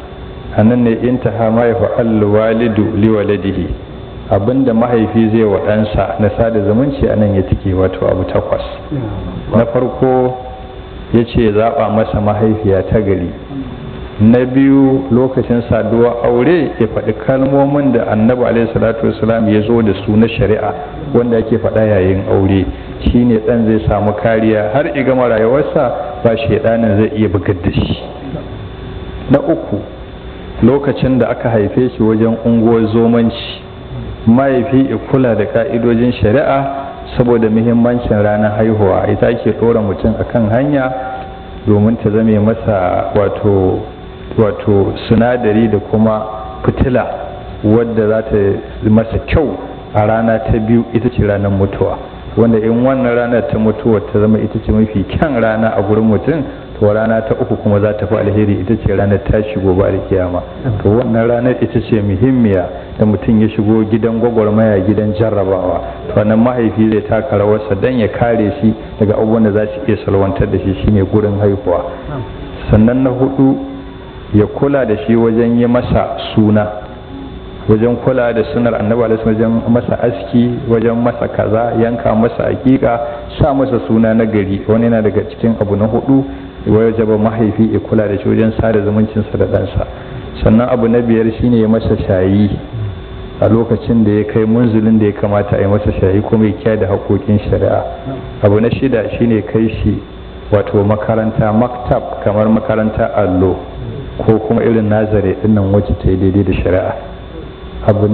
anan ne intaha ma ya fa'al walidu li waladihi abinda mahaifi zai wa ɗansa na sada zumunci a nan ya tike wato abu takwas na farko ya ce zaɓa masa mahaifiya ta gari na biyu lokacin saduwa aure ya faɗi kalmomin da annabi alaihi salatu wasalam ya zo da su na shari'a wanda ake faɗa yayin aure shine ɗan zai samu kariya har i gama rayuwarsa ba nan zai iya bugar da shi na uku lokacin da aka haife shi wajen unguwar zomanci mahaifi ya kula da ka'idojin shari'a saboda muhimmancin ranar haihuwa ita ake ɗora mutum a kan hanya domin ta zame masa wato wato sinadari da kuma fitila wadda za ta masa kyau a rana ta biyu ita ce ranar mutuwa wanda in wannan ranar ta mutuwa ta zama ita ce mafi kyan rana a gurin mutum wa rana ta uku kuma za ta fi alheri ita ce ranar tashi gobe kiyama to wannan ranar ita ce muhimmiya da mutum ya shigo gidan gwagwarmaya gidan jarrabawa to wannan mahaifi zai taka rawarsa dan ya kare shi daga abubuwan da za su iya salwantar da shi shine gurin haihuwa sannan na hudu ya kula da shi wajen yi masa suna wajen kula da sunar annabi alaihi wajen masa aski wajen masa kaza yanka masa hakika sa masa suna na gari wani yana daga cikin abu na hudu waya ba mahaifi ya kula da shi wajen sada zumuncinsa da ɗansa sannan abu na biyar shine ya masa shayi a lokacin da ya kai munzulin da ya kamata a yi masa shayi kuma ya kiyaye da haƙoƙin shari'a abu na shida shine kai shi wato makaranta maktab kamar makaranta allo ko kuma irin nazare dinnan wacce ta yi daidai da shari'a abu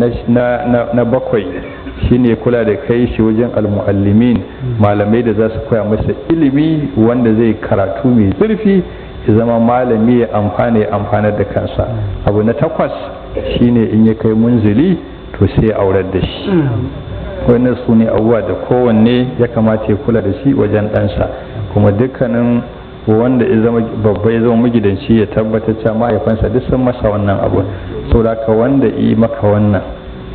na bakwai shine kula da kai shi wajen almuallimin malamai da za su koya masa ilimi wanda zai karatu mai zurfi ya zama malami ya amfana ya amfanar da kansa abu na takwas shine in ya kai munzili to sai aurar da shi wannan su ne abubuwa da kowanne ya kamata ya kula da shi wajen ɗansa kuma dukkanin wanda ya zama babba ya zama magidanci ya tabbatar cewa mahaifansa duk sun masa wannan abu saboda ka wanda yi maka wannan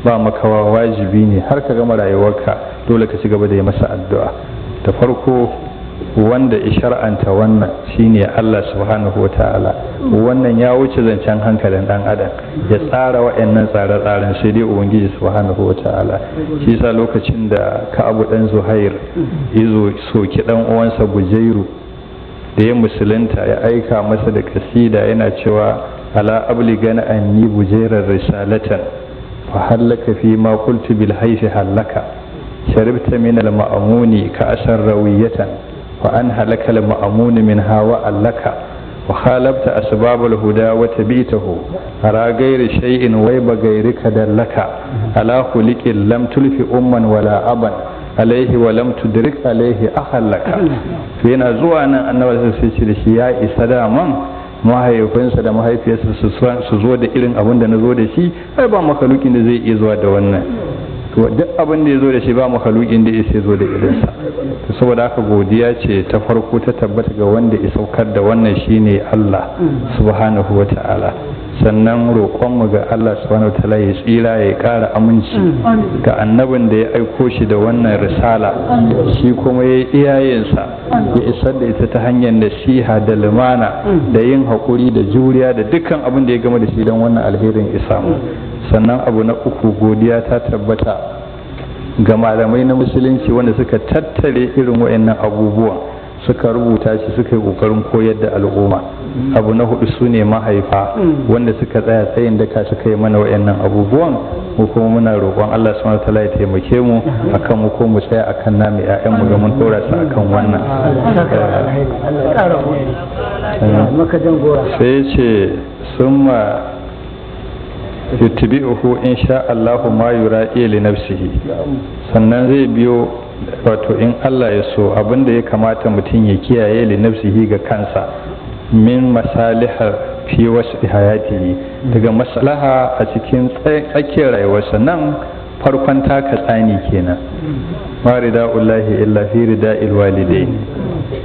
ba makawa wajibi ne har ka gama rayuwarka dole ka ci gaba da yi masa addu'a da farko wanda shar'anta wannan shine Allah subhanahu wa ta'ala wannan ya wuce zancen hankalin dan adam ya tsara wa'annan tsare-tsaren sai dai ubangiji subhanahu wa ta'ala shi yasa lokacin da ka'abu dan zuhair yazo soki dan uwansa bujairu da ya musulunta ya aika masa da kasida yana cewa ala abligana anni bujairar risalatan فهل لك فيما قلت بالحيث هل لك شربت من المأمون كأسا روية وأنهى لك المأمون من هواء لك وخالبت أسباب الهدى وتبيته أرى غير شيء ويب غيرك دلك ألا خلق لم تلف أما ولا أبا عليه ولم تدرك عليه أخا ahallaka فينا زوانا zuwa nan annabi sai mahaifinsa da mahaifiyarsa su zo da irin abin da na zo da shi ai ba makalukin da zai iya zuwa da wannan to duk abin da ya zo da shi ba makalukin da ya zo da irinsa to saboda haka godiya ce ta farko ta tabbata ga wanda ya saukar da wannan shine Allah mm. subhanahu wata'ala sannan roƙonmu ga Allah subhanahu wa ta'ala ya tsira ya ƙara aminci ga annabin da ya aiko shi da wannan risala shi kuma ya iyayensa ya isar da ita ta hanyar nasiha da lumana da yin haƙuri da juriya da dukkan abin da ya gama da shi don wannan alherin isa sannan abu na uku godiya ta tabbata ga malamai na musulunci wanda suka tattare irin waɗannan abubuwan suka rubuta shi suka yi ƙoƙarin koyar da al'umma abu na hudu su ne mahaifa mm. wanda suka tsaya tsayin daka suka yi mana wayannan abubuwan mu kuma muna roƙon Allah subhanahu wataala ya taimake mu akan mu ko mu tsaya akan nami ƴaƴan mu ga mun dora su akan wannan sai ce summa in sha Allahu ma yura'i li nafsihi sannan zai biyo wato in Allah ya so abinda ya kamata mutum ya kiyaye li nafsihi ga kansa min masaliha fi wasu hayati daga maslaha a cikin tsakiyar rayuwarsa nan farkon taka tsani kenan da rida'ullahi illa fi rida'il walidaini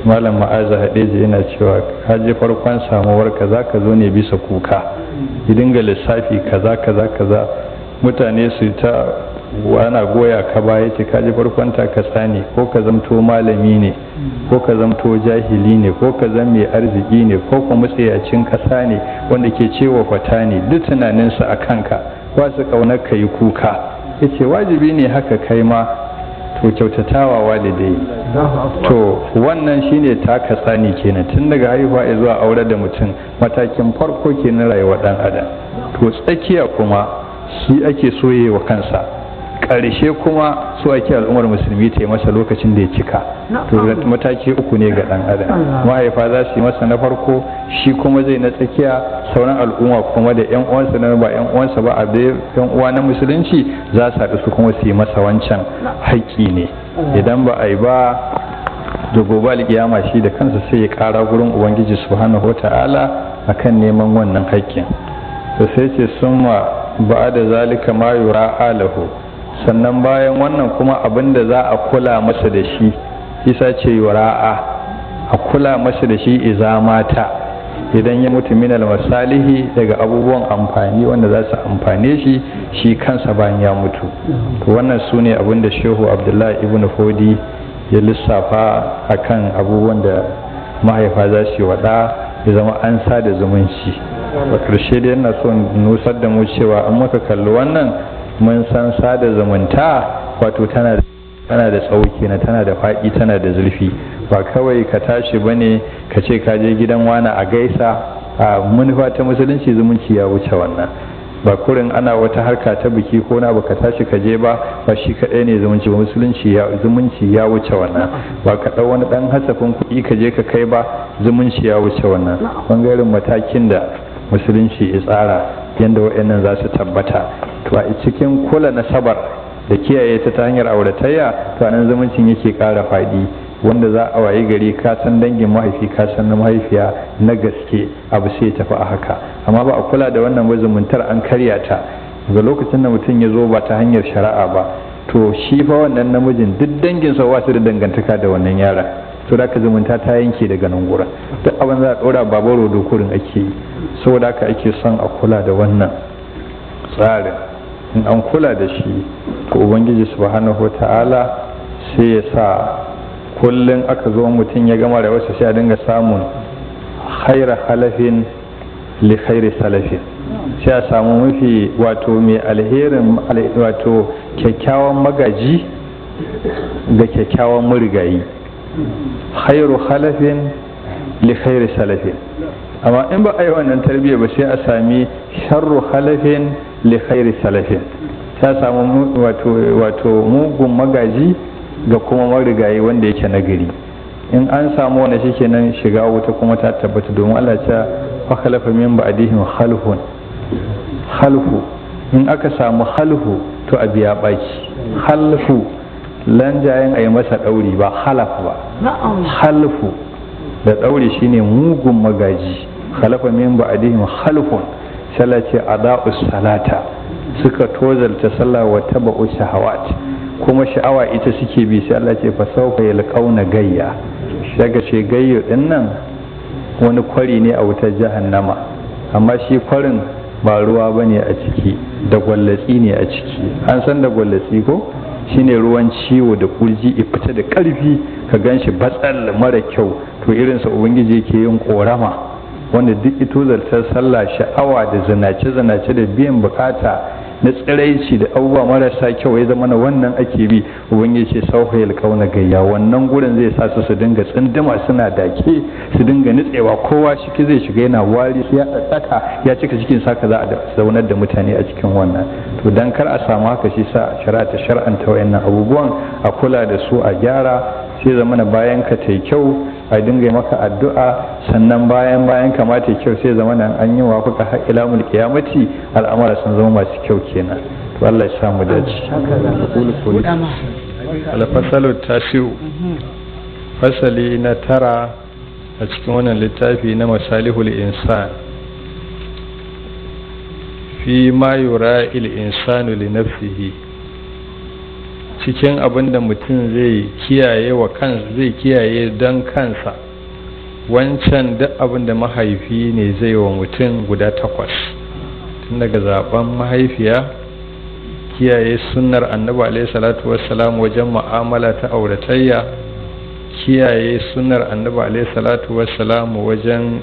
malam ma'aza hadeji yana cewa haji farkon samuwar ka za ka zo ne bisa kuka ki dinga lissafi kaza kaza kaza mutane su ta ana goya ka ba ya ce kaji barkwanta ka tsani ko ka zamto malami ne ko ka zamto jahili ne ko ka zama mai arziki ne ko ka matsayacin kasa ne wanda ke cewa kwata ne duk tunaninsa a kanka ba su kaunar ka yi kuka ya ce wajibi ne haka kai ma to kyautatawa walidai to wannan shine ta ka tsani kenan tun daga haihuwa ya zuwa aure da mutum matakin farko kenan rayuwar dan adam to tsakiya kuma shi ake soyewa kansa ƙarshe kuma su ake al'ummar musulmi ta yi masa lokacin da ya cika to mataki uku ne ga ɗan adam mahaifa za su yi masa na farko shi kuma zai na tsakiya sauran al'umma kuma da yan uwansa na ba yan uwansa ba a yan uwa na musulunci za su haɗu su kuma su yi masa wancan haƙƙi ne oh. idan ba a yi ba da gobe alƙiyama shi da kansa sai ya ƙara gurin ubangiji subhanahu ta'ala kan neman wannan haƙƙin to sai ce summa ba da zalika ma yura alahu sannan bayan wannan kuma abin da za a kula masa da shi isa ce ra'a a kula masa da shi iza mata idan ya mutu minal masalihi daga abubuwan amfani wanda za su amfane shi shi kansa bayan ya mutu wannan su ne abin da shehu abdullahi ibn fodi ya lissafa a kan abubuwan da mahaifa za su yi waɗa ya zama an sa da zumunci a ƙarshe da yana son nusar da mu cewa an maka kalli wannan mun san sada zumunta wato tana tana da tsawo kenan tana da faɗi tana da zurfi ba kawai ka tashi bane ka ce ka je gidan wana a gaisa a manufa ta musulunci zumunci ya wuce wannan ba kurin ana wata harka ta biki ko na ba ka tashi ka je ba ba shi kaɗai ne zumunci musulunci ya zumunci ya wuce wannan ba ka ɗau wani ɗan hasafin kuɗi ka je ka kai ba zumunci ya wuce wannan ɓangaren matakin da musulunci ya tsara yadda wa'annan za su tabbata to a cikin kula nasabar da kiyaye ta ta hanyar auratayya to anan zumuncin yake kara faɗi wanda za a wayi gari ka san dangin mahaifi ka san na mahaifiya na gaske abu sai tafi a haka amma ba a kula da wannan ba zumuntar an karya ta ga lokacin da mutum ya zo ba ta hanyar shari'a ba to shi fa wannan namijin duk dangin sa wasu da dangantaka da wannan yaron to da ka zumunta ta yanke daga nan gura duk abin za a ɗora babaro dokurin ake yi saboda ka ake son a kula da wannan tsarin in an kula da shi to ubangiji subhanahu ta'ala sai ya sa kullum aka zo mutum ya gama da wasu sai a dinga samun khaira halafin li khairi salafin sai a samu mafi wato mai alherin wato kyakkyawan magaji ga kyakkyawan murigayi khairu khalafin li khairi salafin amma in ba a yi wannan tarbiyya ba sai a sami sharru khalafin li khairi salafin ta samu wato mugun magaji ga kuma marigayi wanda yake nagari in an samu wani shi kenan shiga wuta kuma ta tabbata domin Allah ta fa khalafa min ba'dihim khalfun khalfu in aka samu khalfu to a biya baki khalfu lanjayen a yi masa ɗauri ba halaf ba halfu da ɗauri shine mugun magaji halafa min ba'dihim halfun salace ce ada'u salata suka tozalta sallah wa taba'u shahawat kuma sha'awa ita suke bi sai Allah ce fa sauka yalqauna gayya daga ce gayyo din nan wani kwari ne a wutar jahannama amma shi kwarin ba ruwa bane a ciki da gwallatsi ne a ciki an san da gwallatsi ko shine ruwan ciwo da kurji ya fita da ƙarfi ka gan shi batsal mara kyau to irinsa ubangiji yake yin ƙorama wanda duk ito zartar sallah sha'awa da zinace zinace da biyan bukata na tsiraici da abubuwa marasa kyau ya zama na wannan ake bi ya ce sauha alkauna gayya wannan gurin zai sa su su dinga tsindima suna dake su dinga nutsewa kowa shiki zai shiga yana wari ya tsaka ya cika cikin saka za a zaunar da mutane a cikin wannan to dan kar a samu haka shi sa shara ta shar'anta wayannan abubuwan a kula da su a gyara sai zamana bayan ka tai kyau a dinga maka addu'a sannan bayan bayan kamata kyau sai zama nan an yi wafuka har ila mul kiyamati al'amara sun zama masu kyau kenan to Allah ya samu dace fasalu tashiu fasali na tara a cikin wannan littafi na masalihul insan fi ma yura il insanu li nafsihi cikin abin da mutum zai kiyaye wa kansa zai kiyaye don kansa wancan duk abin da mahaifi ne zai wa mutum guda takwas tun daga zaben mahaifiya kiyaye sunnar annabi alaihi salatu wassalam wajen mu'amala ta auratayya kiyaye sunnar annabi alaihi salatu wassalam wajen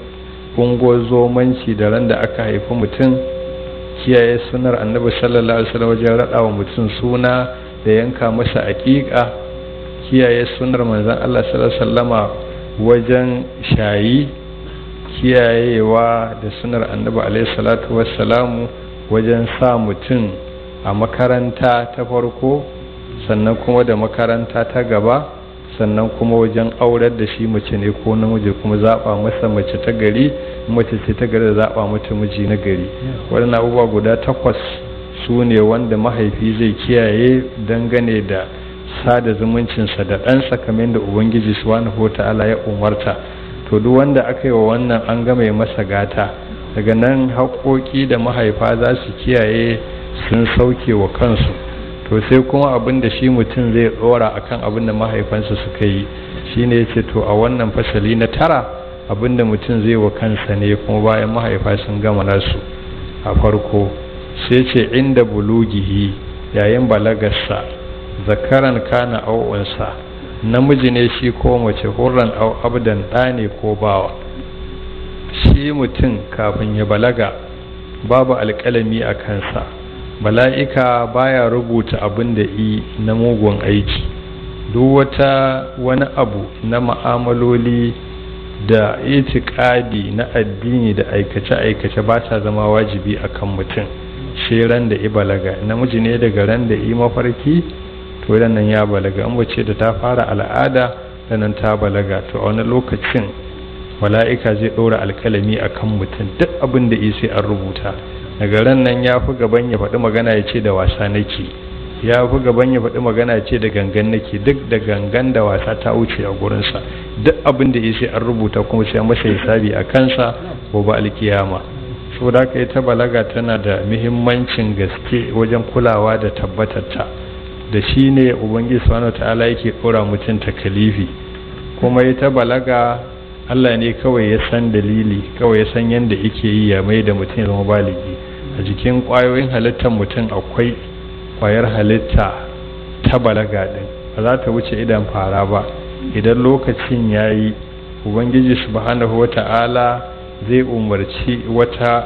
ungozomanci da ran da aka haifi mutum kiyaye sunnar annabi sallallahu alaihi wasallam wajen raɗa wa mutum suna da yanka masa aƙiƙa kiyaye sunar manzan Allah sallama wajen shayi kiyayewa da sunar annabi alaihi salatu wassalamu wajen sa mutum a makaranta ta farko sannan kuma da makaranta ta gaba sannan kuma wajen aurar da shi mace ne ko namiji kuma zaɓa masa mace ta gari mace ce ta gari da zaɓa mata miji na gari waɗannan abubuwa guda takwas su ne wanda mahaifi zai kiyaye dangane da sada zumuncinsa da ɗansa sakamin da ubangiji subhanahu wa ta'ala ya umarta to duk wanda aka yi wa wannan an game masa gata daga nan haƙoƙi da mahaifa za su kiyaye sun sauke wa kansu to sai kuma abin da shi mutum zai ɗora kan abin da mahaifansa suka yi shi ne yace to a wannan fasali na tara abin da mutum zai wa kansa ne kuma bayan mahaifa sun gama nasu a farko sai ce inda bulugihi yayin balagarsa zakaran kana au'unsa namiji ne shi ko mace hurran au abdan ɗa ne ko bawa shi mutum kafin ya balaga babu alƙalami a kansa bala'ika baya rubuta abin da yi na mugun aiki duk wata wani abu na ma'amaloli da itikadi na addini da aikace-aikace ba ta zama wajibi a kan mutum sai ran da i balaga namiji ne daga ran da i mafarki to nan ya balaga an wace da ta fara al'ada nan ta balaga to a wani lokacin mala'ika zai ɗora alkalami akan mutum duk abin da i sai an rubuta daga ran nan ya fi gaban ya faɗi magana ya ce da wasa nake ya fi gaban ya faɗi magana ya ce da gangan nake duk da gangan da wasa ta wuce a gurinsa duk abin da i sai an rubuta kuma sai masa hisabi a kansa gobe alkiyama saboda yi ita balaga tana da muhimmancin gaske wajen kulawa da tabbatarta da shi ne ubangiji subhanahu ta'ala yake kora mutum takalifi kuma ita balaga Allah ne kawai ya san dalili kawai ya san yadda yake yi ya mai da mutum ya zama baligi a jikin kwayoyin halittar mutum akwai kwayar halitta ta balaga din ba za ta wuce idan fara ba idan lokacin ya yi ubangiji subhanahu wa ta'ala zai umarci wata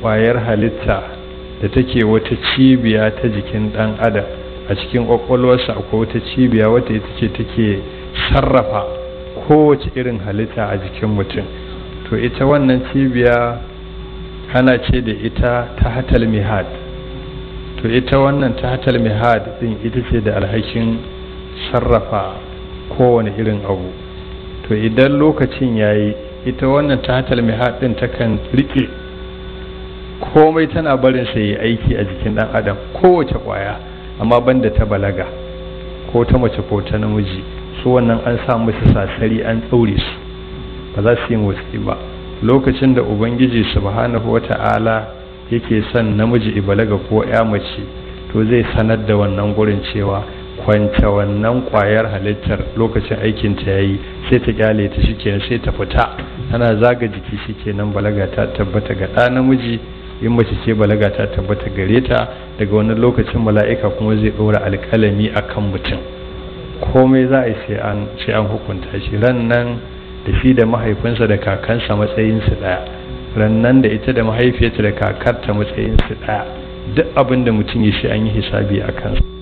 kwayar halitta da take wata cibiya ta jikin ɗan adam a cikin ƙwaƙwalwarsa akwai wata cibiya wata ita ce take sarrafa kowace irin halitta a jikin mutum to ita wannan cibiya ana ce da ita ta hatal mihad to ita wannan ta hatal mihad din ita ce da alhakin sarrafa kowane irin abu to idan lokacin ya yi ita wannan tatal mai haɗin takan riƙe komai tana barin sa yi aiki a jikin ɗan adam kowace ƙwaya amma banda ta balaga ko ta mace ko ta namiji su wannan an sa musu sasari an tsauri su ba za su yi motsi ba lokacin da ubangiji subhanahu wata'ala yake son namiji ibalaga ko ya mace to zai sanar da wannan gurin cewa kwance wannan kwayar halittar lokacin aikin ta yayi sai ta kyale ta shikenan sai ta fita tana zaga jiki shikenan balaga ta tabbata ga ɗa namiji in mace ce balaga ta tabbata gare ta daga wannan lokacin mala'ika kuma zai ɗora alƙalami a kan mutum komai za a yi sai an hukunta shi ran nan da shi da mahaifinsa da kakansa matsayinsu ɗaya ran nan da ita da mahaifiyarta da kakarta matsayinsu ɗaya duk abin da mutum ya shi an yi hisabi a kansa